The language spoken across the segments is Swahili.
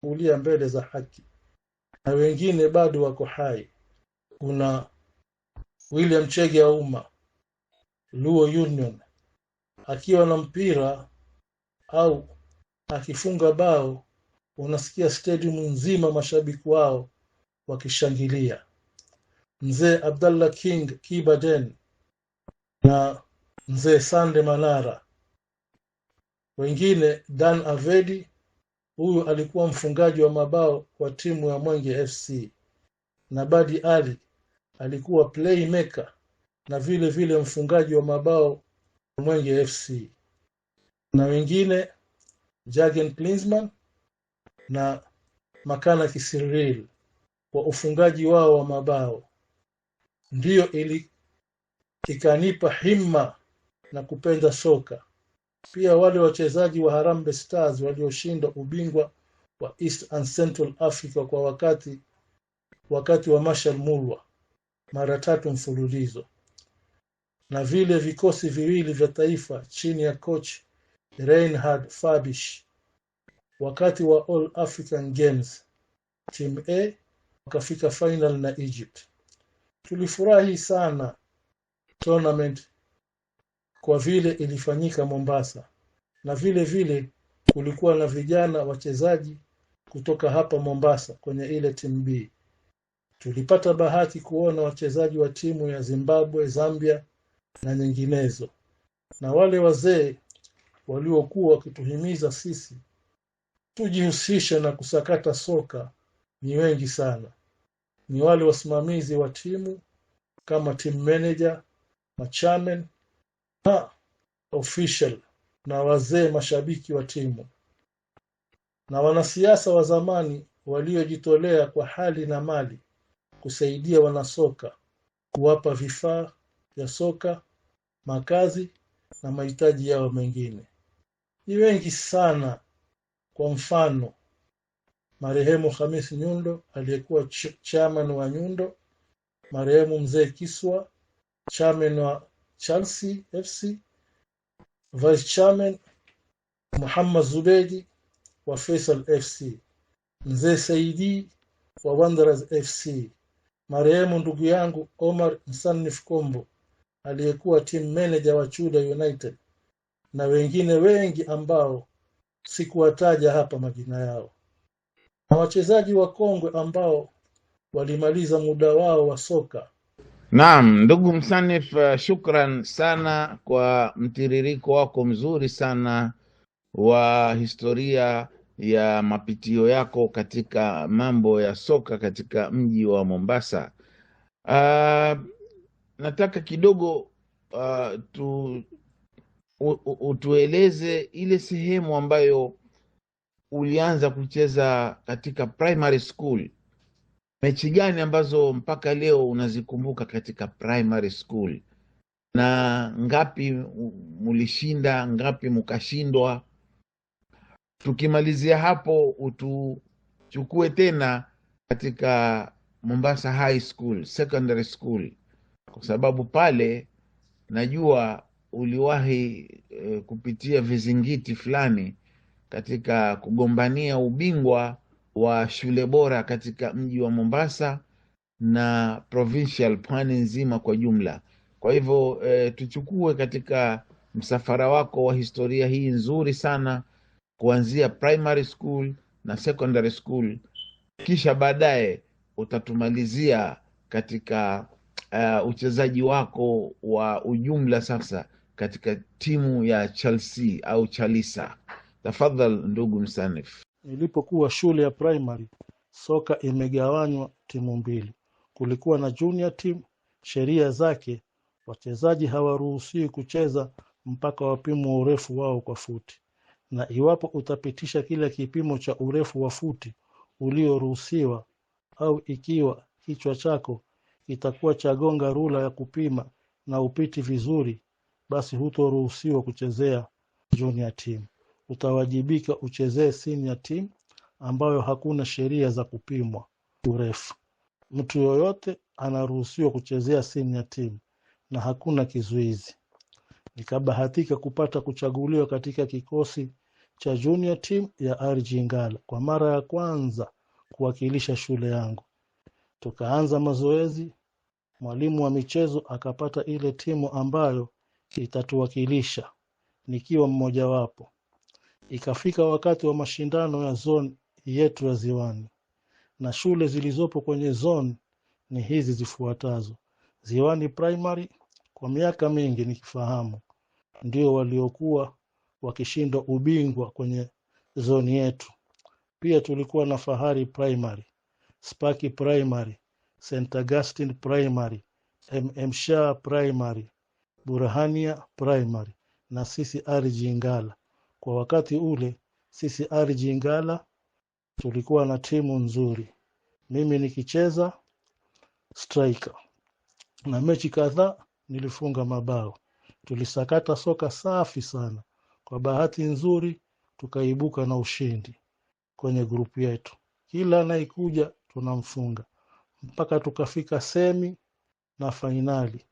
kulia mbele za haki na wengine bado wako hai. Kuna William Chege Auma Luo Union akiwa na mpira au akifunga bao, unasikia stadium nzima mashabiki wao wakishangilia. Mzee Abdallah King Kibaden na mzee Sande Manara, wengine Dan Avedi Huyu alikuwa mfungaji wa mabao wa timu ya Mwenge FC. na badi Ali alikuwa playmaker na vile vile mfungaji wa mabao wa Mwenge FC, na wengine Jurgen Klinsmann na Makana Kisiril kwa ufungaji wao wa mabao. Ndiyo ili ikanipa himma na kupenda soka. Pia wale wachezaji wa Harambee Stars walioshinda ubingwa wa East and Central Africa kwa wakati wakati wa marshall Mulwa mara tatu mfululizo na vile vikosi viwili vya taifa chini ya coach Reinhard Fabisch wakati wa All African Games Team A wakafika final na Egypt. Tulifurahi sana tournament kwa vile ilifanyika Mombasa na vile vile kulikuwa na vijana wachezaji kutoka hapa Mombasa kwenye ile timu B. Tulipata bahati kuona wachezaji wa timu ya Zimbabwe, Zambia na nyinginezo, na wale wazee waliokuwa wakituhimiza sisi tujihusishe na kusakata soka ni wengi sana. Ni wale wasimamizi wa timu kama team manager, machairman ha official na wazee mashabiki wa timu na wanasiasa wa zamani waliojitolea kwa hali na mali kusaidia wanasoka kuwapa vifaa vya soka makazi na mahitaji yao mengine ni wengi sana kwa mfano marehemu Hamis Nyundo aliyekuwa chairman wa Nyundo marehemu mzee Kiswa chairman wa Chelsea FC, Vice Chairman Muhammad Zubedi wa Faisal FC, Mzee Saidi wa Wanderers FC, marehemu ndugu yangu Omar Msanif Kombo aliyekuwa team manager wa Chuda United na wengine wengi ambao sikuwataja hapa majina yao, na wachezaji wa kongwe ambao walimaliza muda wao wa soka Naam, ndugu msanif, uh, shukran sana kwa mtiririko wako mzuri sana wa historia ya mapitio yako katika mambo ya soka katika mji wa Mombasa. Uh, nataka kidogo uh, tu, utueleze ile sehemu ambayo ulianza kucheza katika primary school mechi gani ambazo mpaka leo unazikumbuka katika primary school, na ngapi mulishinda, ngapi mukashindwa? Tukimalizia hapo, utuchukue tena katika Mombasa High School, secondary school, kwa sababu pale najua uliwahi e, kupitia vizingiti fulani katika kugombania ubingwa wa shule bora katika mji wa Mombasa na provincial pwani nzima kwa jumla. Kwa hivyo e, tuchukue katika msafara wako wa historia hii nzuri sana kuanzia primary school na secondary school, kisha baadaye utatumalizia katika uh, uchezaji wako wa ujumla sasa katika timu ya Chelsea au Chalisa. Tafadhal ndugu msanifu. Nilipokuwa shule ya primary soka imegawanywa timu mbili. Kulikuwa na junior team, sheria zake wachezaji hawaruhusiwi kucheza mpaka wapimo urefu wao kwa futi, na iwapo utapitisha kila kipimo cha urefu wa futi ulioruhusiwa au ikiwa kichwa chako kitakuwa chagonga rula ya kupima na upiti vizuri, basi hutoruhusiwa kuchezea junior team utawajibika uchezee senior team ambayo hakuna sheria za kupimwa urefu. Mtu yoyote anaruhusiwa kuchezea senior team na hakuna kizuizi. Nikabahatika kupata kuchaguliwa katika kikosi cha junior team ya RG Ngala kwa mara ya kwanza kuwakilisha shule yangu. Tukaanza mazoezi, mwalimu wa michezo akapata ile timu ambayo itatuwakilisha nikiwa mmojawapo. Ikafika wakati wa mashindano ya zone yetu ya Ziwani, na shule zilizopo kwenye zone ni hizi zifuatazo: Ziwani Primary, kwa miaka mingi nikifahamu, ndio waliokuwa wakishindwa ubingwa kwenye zoni yetu. Pia tulikuwa na Fahari Primary, Spaki Primary, St Augustine Primary, mmsha Primary, Burhania Primary na sisi Arji Ngala kwa wakati ule sisi RG Ngala tulikuwa na timu nzuri, mimi nikicheza striker na mechi kadhaa nilifunga mabao. Tulisakata soka safi sana. Kwa bahati nzuri tukaibuka na ushindi kwenye grupu yetu, kila anayekuja tunamfunga mpaka tukafika semi na fainali.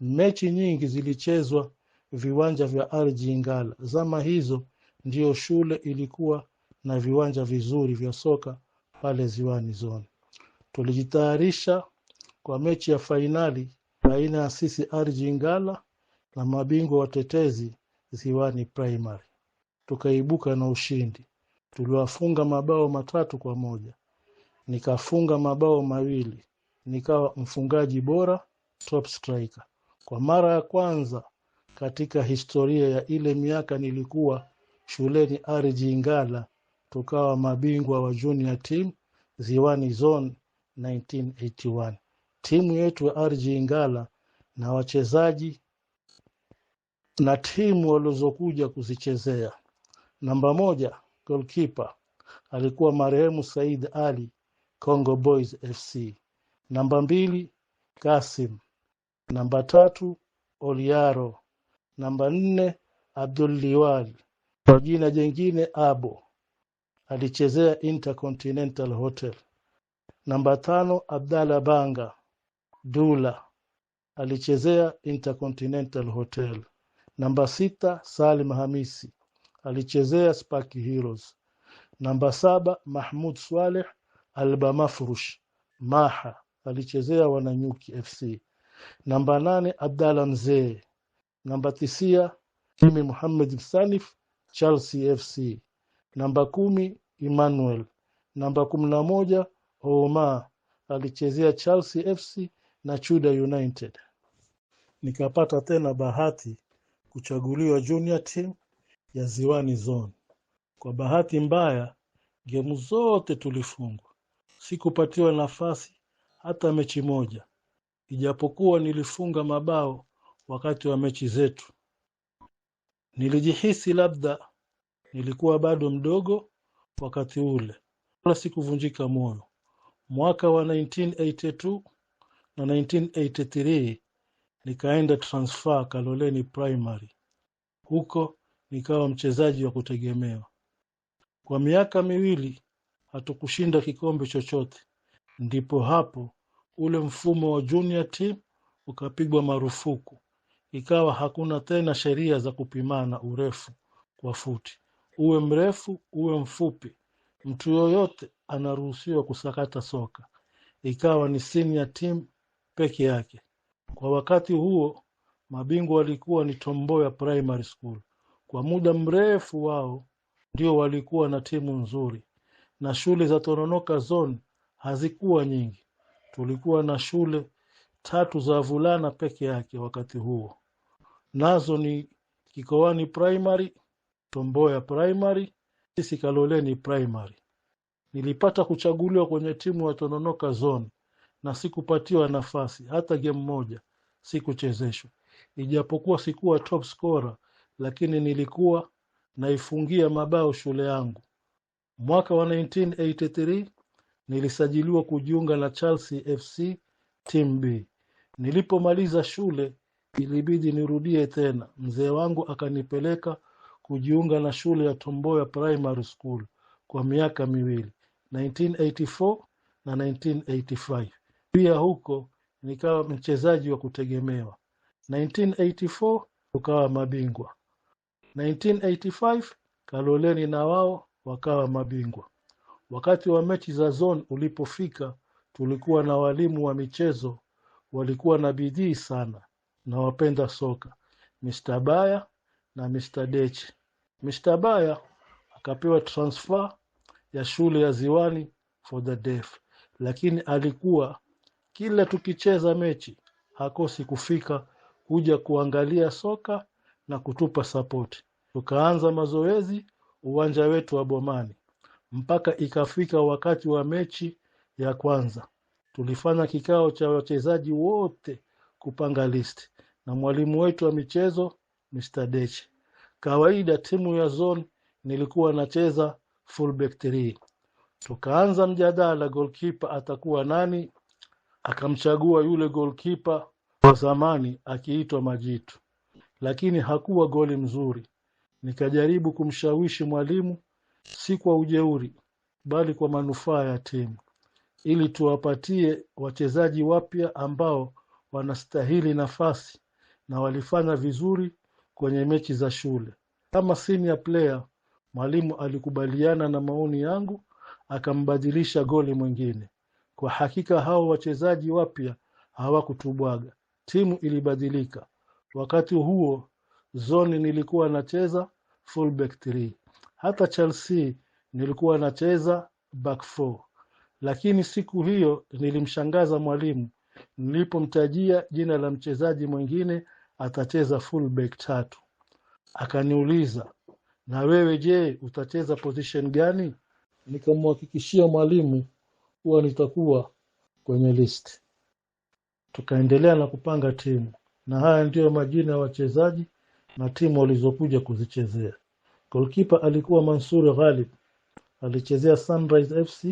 Mechi nyingi zilichezwa viwanja vya ardhi Ngala. Zama hizo ndiyo shule ilikuwa na viwanja vizuri vya soka pale Ziwani Zone. Tulijitayarisha kwa mechi ya fainali baina ya sisi Ardhi Ngala na mabingwa watetezi Ziwani Primary, tukaibuka na ushindi. Tuliwafunga mabao matatu kwa moja, nikafunga mabao mawili, nikawa mfungaji bora top striker. Kwa mara ya kwanza katika historia ya ile miaka nilikuwa shuleni Arji Ngala, tukawa mabingwa wa junior team Ziwani Zone 1981. Timu yetu ya Arji Ngala na wachezaji na timu walizokuja kuzichezea, namba moja goalkeeper alikuwa marehemu Said Ali Congo Boys FC, namba mbili Kasim, namba tatu Oliaro Namba nne Abdulliwal kwa jina jengine Abo alichezea Intercontinental Hotel. Namba tano Abdalla Banga Dula alichezea Intercontinental Hotel. Namba sita Salim Hamisi alichezea Spark Heroes. Namba saba Mahmud Swaleh Albamafrush Maha alichezea Wananyuki FC. Namba nane Abdalla Mzee Namba tisia Jimmy Mohamed Msanif Chelsea FC. Namba kumi Emmanuel. Namba kumi na moja Omar alichezea Chelsea FC na Chuda United. Nikapata tena bahati kuchaguliwa junior team ya Ziwani Zone. Kwa bahati mbaya, gemu zote tulifungwa, sikupatiwa nafasi hata mechi moja, ijapokuwa nilifunga mabao wakati wa mechi zetu. Nilijihisi labda nilikuwa bado mdogo wakati ule, wala sikuvunjika moyo. Mwaka wa 1982 na 1983 nikaenda transfer Kaloleni Primary, huko nikawa mchezaji wa kutegemewa. Kwa miaka miwili hatukushinda kikombe chochote, ndipo hapo ule mfumo wa junior team ukapigwa marufuku ikawa hakuna tena sheria za kupimana urefu kwa futi, uwe mrefu uwe mfupi, mtu yoyote anaruhusiwa kusakata soka. Ikawa ni senior team peke yake. Kwa wakati huo mabingwa walikuwa ni Tomboya Primary School. Kwa muda mrefu wao ndio walikuwa na timu nzuri, na shule za Tononoka Zone hazikuwa nyingi. Tulikuwa na shule tatu za vulana peke yake wakati huo nazo ni Kikoani Primary, Tomboya Primary, sisi kaloleni Primary. Nilipata kuchaguliwa kwenye timu ya Tononoka Zone na sikupatiwa nafasi hata game moja, sikuchezeshwa. Ijapokuwa sikuwa top scorer, lakini nilikuwa naifungia mabao shule yangu. Mwaka wa 1983 nilisajiliwa kujiunga na Chelsea FC Team B. Nilipomaliza shule Ilibidi nirudie tena mzee wangu akanipeleka kujiunga na shule ya Tomboya Primary School kwa miaka miwili 1984 na 1985 pia huko nikawa mchezaji wa kutegemewa 1984 tukawa mabingwa 1985 Kaloleni na wao wakawa mabingwa wakati wa mechi za zone ulipofika tulikuwa na walimu wa michezo walikuwa na bidii sana nawapenda soka Mr. Baya na Mr. dech Mr. Baya akapewa transfer ya shule ya Ziwani for the deaf, lakini alikuwa kila tukicheza mechi hakosi kufika kuja kuangalia soka na kutupa sapoti. Tukaanza mazoezi uwanja wetu wa Bomani mpaka ikafika wakati wa mechi ya kwanza, tulifanya kikao cha wachezaji wote kupanga list na mwalimu wetu wa michezo Mr. Dech. Kawaida timu ya zone nilikuwa nacheza fullback 3. Tukaanza mjadala goalkeeper atakuwa nani, akamchagua yule goalkeeper wa zamani akiitwa Majitu, lakini hakuwa goli mzuri. Nikajaribu kumshawishi mwalimu, si kwa ujeuri, bali kwa manufaa ya timu, ili tuwapatie wachezaji wapya ambao wanastahili nafasi na walifanya vizuri kwenye mechi za shule. Kama senior player, mwalimu alikubaliana na maoni yangu akambadilisha goli mwingine. Kwa hakika hao wachezaji wapya hawakutubwaga, timu ilibadilika. Wakati huo zoni nilikuwa nacheza fullback 3 hata Chelsea nilikuwa nacheza back 4 lakini siku hiyo nilimshangaza mwalimu Nilipomtajia jina la mchezaji mwingine atacheza fullback tatu, akaniuliza na wewe je, utacheza position gani? Nikamhakikishia mwalimu huwa nitakuwa kwenye list. Tukaendelea na kupanga timu, na haya ndiyo majina ya wachezaji na timu walizokuja kuzichezea. Golkipa alikuwa Mansur Ghalib, alichezea Sunrise FC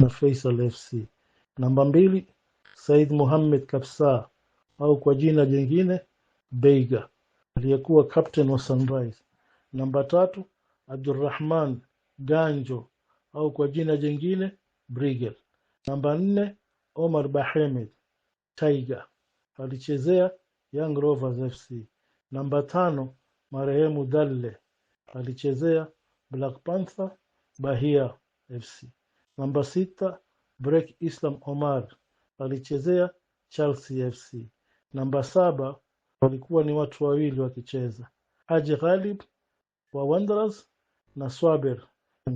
na Faisal FC. Namba mbili Said Mohamed Kapsaa au kwa jina jingine Beiga aliyekuwa captain wa Sunrise. Namba tatu Abdurrahman Ganjo au kwa jina jingine Brigel. Namba nne Omar Bahemed Tiger alichezea Young Rovers FC. Namba tano marehemu Dalle alichezea Black Panther Bahia FC. Namba sita Brek Islam Omar walichezea Chelsea FC. Namba saba walikuwa ni watu wawili wakicheza, Haji Ghalib wa Wanderers na Swaber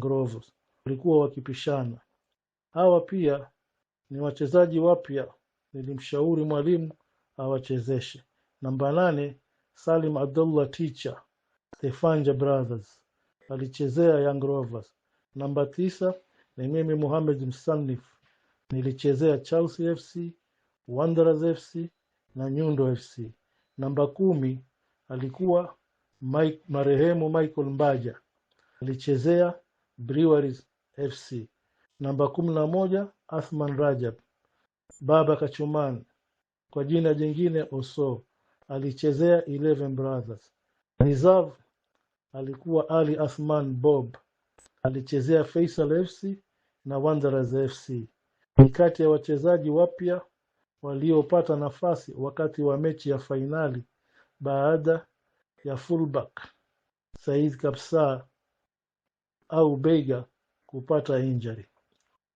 Rovers walikuwa wakipishana. Hawa pia ni wachezaji wapya, nilimshauri mwalimu awachezeshe. Namba nane Salim Abdullah Ticha, Stefanja Brothers alichezea Young Rovers. Namba tisa ni mimi Mohamed Msanif Nilichezea Chelsea FC, Wanderers FC na Nyundo FC. Namba kumi alikuwa Mike, marehemu Michael Mbaja alichezea Breweries FC. Namba kumi na moja Athman Rajab Baba Kachuman kwa jina jingine Oso alichezea 11 Brothers. Reserve alikuwa Ali Athman Bob alichezea Faisal FC na Wanderers FC. Ni kati ya wachezaji wapya waliopata nafasi wakati wa mechi ya fainali baada ya fullback Said kabsa au Beiga kupata injury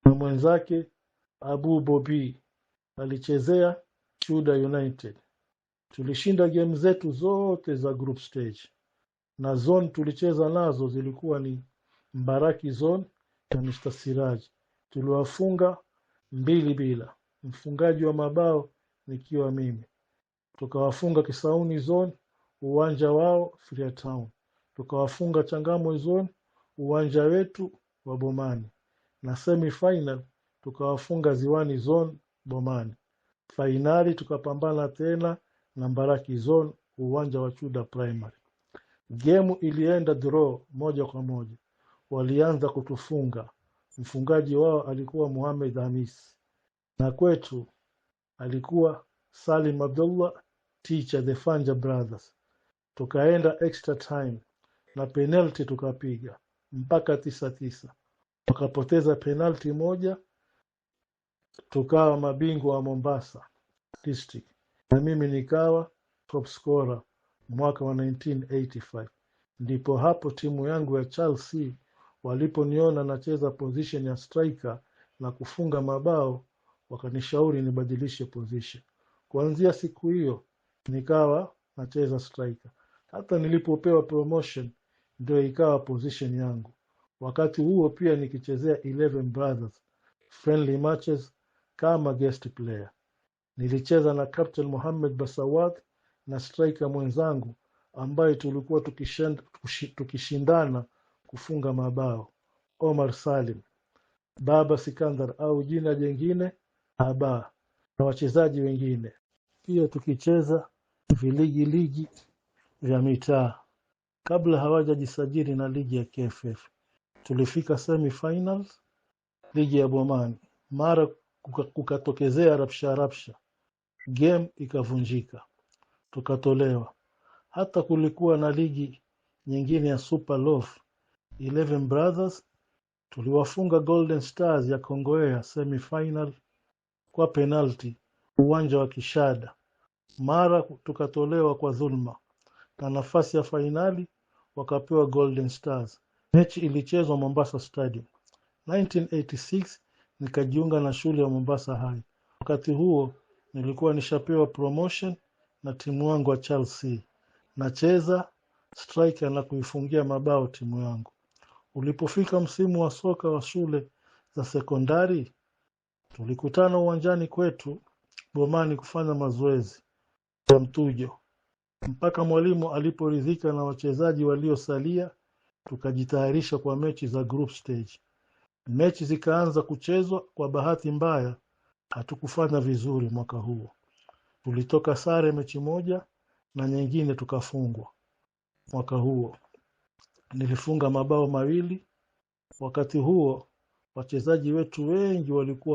na mwenzake Abu Bobi alichezea Chuda United. Tulishinda game zetu zote za group stage na zone tulicheza nazo zilikuwa ni Mbaraki zone na Mr Siraj, tuliwafunga mbili bila mfungaji wa mabao nikiwa mimi tukawafunga Kisauni Zone uwanja wao Freetown tukawafunga Changamwe Zone uwanja wetu wa Bomani na semi final tukawafunga Ziwani Zone Bomani fainali tukapambana tena na Mbaraki Zone uwanja wa Chuda Primary gemu ilienda draw moja kwa moja walianza kutufunga Mfungaji wao alikuwa Mohamed Hamis na kwetu alikuwa Salim Abdullah teacher the Fanja Brothers. Tukaenda extra time na penalti tukapiga mpaka tisa tisa, tukapoteza penalti moja, tukawa mabingwa wa Mombasa district na mimi nikawa top scorer mwaka wa 1985. Ndipo hapo timu yangu ya Chelsea Waliponiona nacheza position ya striker na kufunga mabao, wakanishauri nibadilishe position. Kuanzia siku hiyo nikawa nacheza striker. Hata nilipopewa promotion ndio ikawa position yangu. Wakati huo pia nikichezea 11 Brothers friendly matches kama guest player. Nilicheza na captain Mohamed Basawat na striker mwenzangu ambaye tulikuwa tukishindana kufunga mabao Omar Salim Baba Sikandar au jina jengine Aba na wachezaji wengine. Pia tukicheza viligi ligi vya mitaa kabla hawajajisajili na ligi ya KFF, tulifika semi finals ligi ya Bomani, mara kukatokezea rapsha rapsha, game ikavunjika, tukatolewa. Hata kulikuwa na ligi nyingine ya Super Love Eleven Brothers tuliwafunga Golden Stars ya kongoea semi final kwa penalti uwanja wa Kishada, mara tukatolewa kwa dhulma, na nafasi ya fainali wakapewa Golden Stars. Mechi ilichezwa Mombasa Stadium. 1986 nikajiunga na shule ya Mombasa High. Wakati huo nilikuwa nishapewa promotion na timu yangu ya Chelsea, nacheza striker na kuifungia mabao timu yangu. Ulipofika msimu wa soka wa shule za sekondari, tulikutana uwanjani kwetu Bomani kufanya mazoezi ya mtujo mpaka mwalimu aliporidhika na wachezaji waliosalia, tukajitayarisha kwa mechi za group stage. Mechi zikaanza kuchezwa. Kwa bahati mbaya, hatukufanya vizuri mwaka huo, tulitoka sare mechi moja na nyingine tukafungwa mwaka huo nilifunga mabao mawili wakati huo wachezaji wetu wengi walikuwa